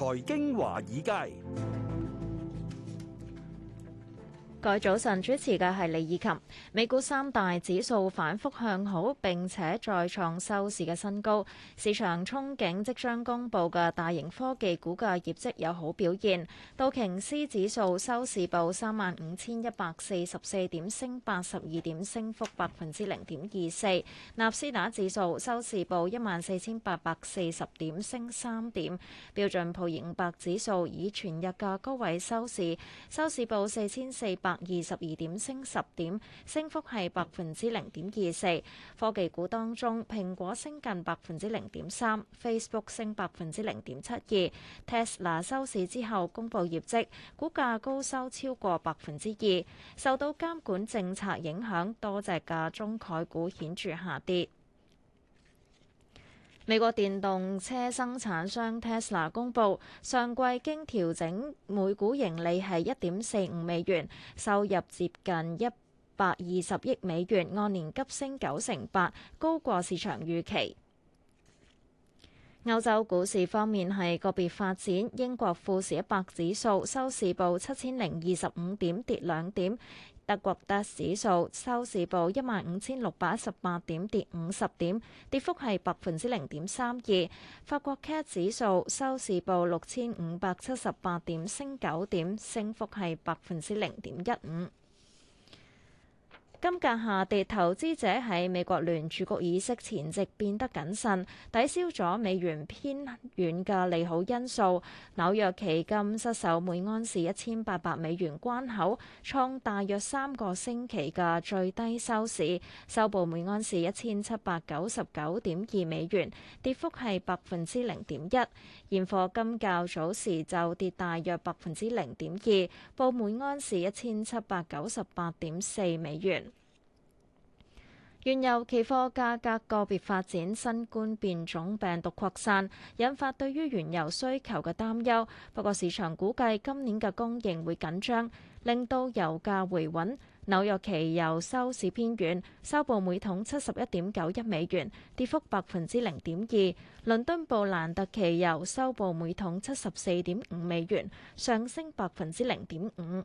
財經華爾街。各位早晨，主持嘅係李以琴。美股三大指數反覆向好，並且再創收市嘅新高。市場憧憬即將公布嘅大型科技股嘅業績有好表現。道瓊斯指數收市報三萬五千一百四十四點，升八十二點，升幅百分之零點二四。納斯達指數收市報一萬四千八百四十點，升三點。標準普爾五百指數以全日嘅高位收市，收市報四千四百。百二十二點升十點，升幅係百分之零點二四。科技股當中，蘋果升近百分之零點三，Facebook 升百分之零點七二。Tesla 收市之後公布業績，股價高收超過百分之二。受到監管政策影響，多隻嘅中概股顯著下跌。美國電動車生產商 Tesla 公佈，上季經調整每股盈利係一點四五美元，收入接近一百二十億美元，按年急升九成八，高過市場預期。歐洲股市方面係個別發展，英國富時一百指數收市報七千零二十五點，跌兩點。德國 d 指數收市報一萬五千六百一十八點，跌五十點，跌幅係百分之零點三二。法國 c、AT、指數收市報六千五百七十八點，升九點，升幅係百分之零點一五。金價下跌，投資者喺美國聯儲局議息前夕變得謹慎，抵消咗美元偏軟嘅利好因素。紐約期金失守每安士一千八百美元關口，創大約三個星期嘅最低收市，收報每安士一千七百九十九點二美元，跌幅係百分之零點一。現貨金較早時就跌大約百分之零點二，報每安士一千七百九十八點四美元。原油期貨價格個別發展，新冠變種病毒擴散，引發對於原油需求嘅擔憂，不過市場估計今年嘅供應會緊張，令到油價回穩。紐約期油收市偏軟，收報每桶七十一點九一美元，跌幅百分之零點二。倫敦布蘭特期油收報每桶七十四點五美元，上升百分之零點五。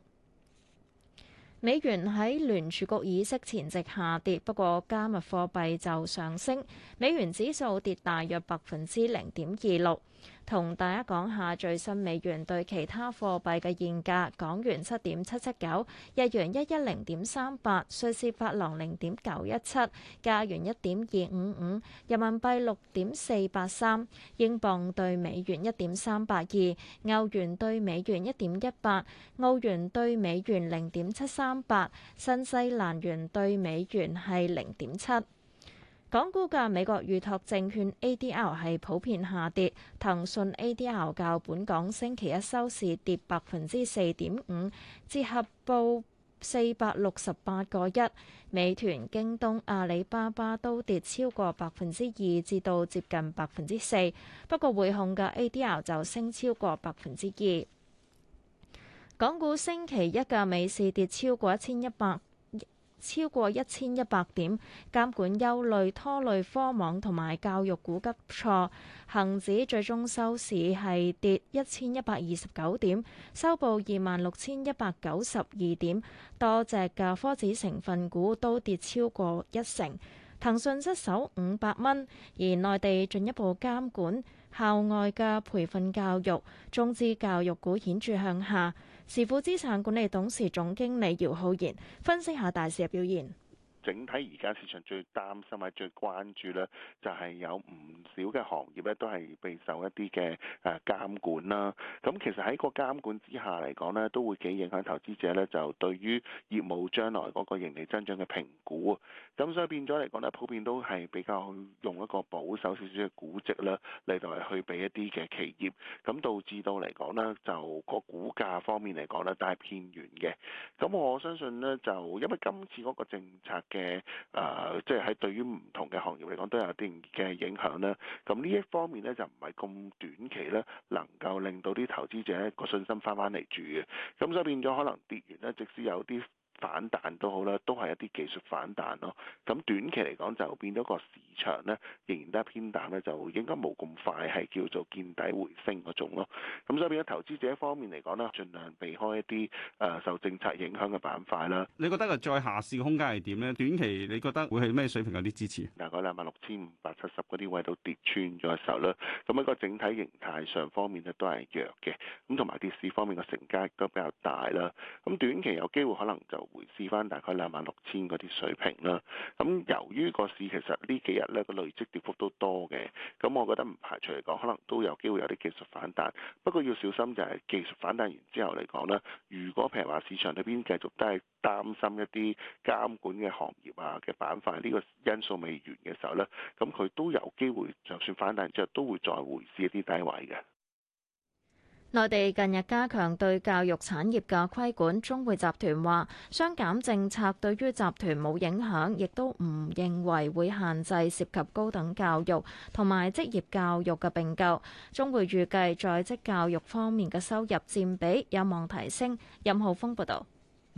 美元喺聯儲局議息前夕下跌，不過加密貨幣就上升。美元指數跌大約百分之零點二六。同大家講下最新美元對其他貨幣嘅現價：港元七點七七九，日元一一零點三八，瑞士法郎零點九一七，加元一點二五五，人民幣六點四八三，英鎊對美元一點三八二，歐元對美元一點一八，澳元對美元零點七三八，新西蘭元對美元係零點七。港股嘅美國預託證券 ADR 係普遍下跌，騰訊 ADR 較本港星期一收市跌百分之四點五，折合報四百六十八個一。美團、京東、阿里巴巴都跌超過百分之二至到接近百分之四，不過匯控嘅 ADR 就升超過百分之二。港股星期一嘅尾市跌超過一千一百。超過一千一百點，監管憂慮拖累科網同埋教育股急挫，恒指最終收市係跌一千一百二十九點，收報二萬六千一百九十二點，多隻嘅科指成分股都跌超過一成，騰訊失守五百蚊，而內地進一步監管。校外嘅培訓教育、中資教育股顯著向下。時富資產管理董事總經理姚浩然分析下大市嘅表現。整體而家市場最擔心或最關注呢，就係有唔少嘅行業呢，都係備受一啲嘅誒監管啦。咁其實喺個監管之下嚟講呢，都會幾影響投資者呢，就對於業務將來嗰個盈利增長嘅評估。咁所以變咗嚟講呢，普遍都係比較用一個保守少少嘅估值啦，嚟到去俾一啲嘅企業，咁導致到嚟講呢，就個股價方面嚟講呢，都係偏遠嘅。咁我相信呢，就因為今次嗰個政策嘅啊，即係喺對於唔同嘅行業嚟講，都有啲嘅影響啦。咁呢一方面咧就唔係咁短期咧，能夠令到啲投資者個信心翻翻嚟住嘅。咁所以變咗可能跌完咧，即使有啲。反彈都好啦，都係一啲技術反彈咯。咁短期嚟講就變咗個市場呢，仍然都係偏淡呢，就應該冇咁快係叫做見底回升嗰種咯。咁所以變咗投資者方面嚟講咧，儘量避開一啲誒受政策影響嘅板塊啦。你覺得個再下試嘅空間係點呢？短期你覺得會係咩水平有啲支持？大概兩萬六千五百七十嗰啲位都跌穿咗嘅時候呢，咁一個整體形態上方面呢，都係弱嘅。咁同埋跌市方面嘅成交亦都比較大啦。咁短期有機會可能就～回試翻大概兩萬六千嗰啲水平啦。咁由於個市其實呢幾日咧個累積跌幅都多嘅，咁我覺得唔排除嚟講，可能都有機會有啲技術反彈。不過要小心就係技術反彈完之後嚟講咧，如果譬如話市場裏邊繼續都係擔心一啲監管嘅行業啊嘅板塊呢個因素未完嘅時候呢，咁佢都有機會就算反彈完之後都會再回試一啲低位嘅。內地近日加強對教育產業嘅規管，中匯集團話雙減政策對於集團冇影響，亦都唔認為會限制涉及高等教育同埋職業教育嘅並購。中匯預計在職教育方面嘅收入佔比有望提升。任浩峰報道。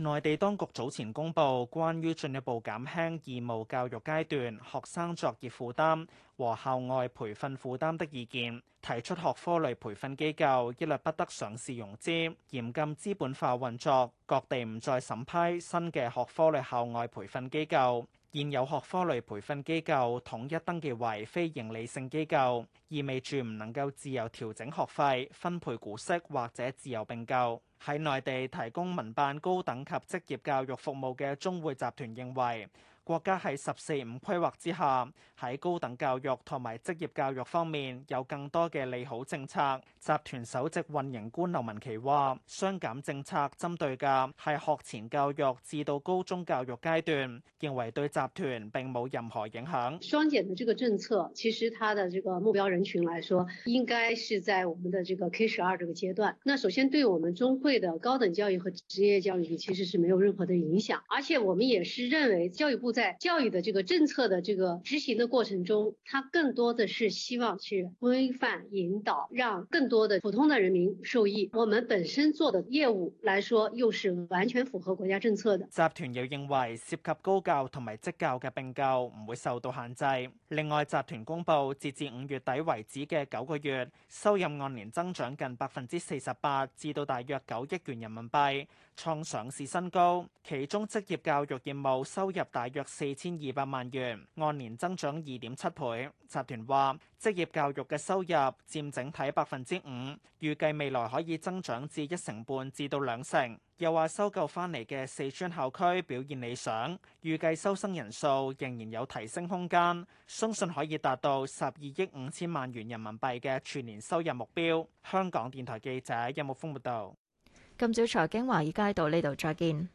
內地當局早前公布關於進一步減輕義務教育階段學生作業負擔和校外培訓負擔的意見，提出學科類培訓機構一律不得上市融資，嚴禁資本化運作，各地唔再審批新嘅學科類校外培訓機構。現有學科類培訓機構統一登記為非盈利性機構，意味住唔能夠自由調整學費、分配股息或者自由併購。喺內地提供民辦高等及職業教育服務嘅中匯集團認為，國家喺十四五規劃之下，喺高等教育同埋職業教育方面有更多嘅利好政策。集團首席運營官劉文琪話，雙減政策針對嘅係學前教育至到高中教育階段，認為對集團並冇任何影響。雙減的這個政策，其實它的這個目標人群來說，應該是在我們的這個 K 十二這個階段。那首先對我們中匯的高等教育和職業教育，其實是沒有任何的影響。而且我們也是認為教育部。在教育的這個政策的這個執行的過程中，他更多的是希望去規範引導，讓更多的普通的人民受益。我們本身做的業務來說，又是完全符合國家政策的。集團又認為涉及高教同埋職教嘅併購唔會受到限制。另外，集團公布截至五月底為止嘅九個月收入按年增長近百分之四十八，至到大約九億元人民幣。創上市新高，其中職業教育業務收入大約四千二百萬元，按年增長二點七倍。集團話職業教育嘅收入佔整體百分之五，預計未來可以增長至一成半至到兩成。又話收購翻嚟嘅四川校區表現理想，預計收生人數仍然有提升空間，相信可以達到十二億五千萬元人民幣嘅全年收入目標。香港電台記者任木豐報道。今朝財經華爾街到呢度再見。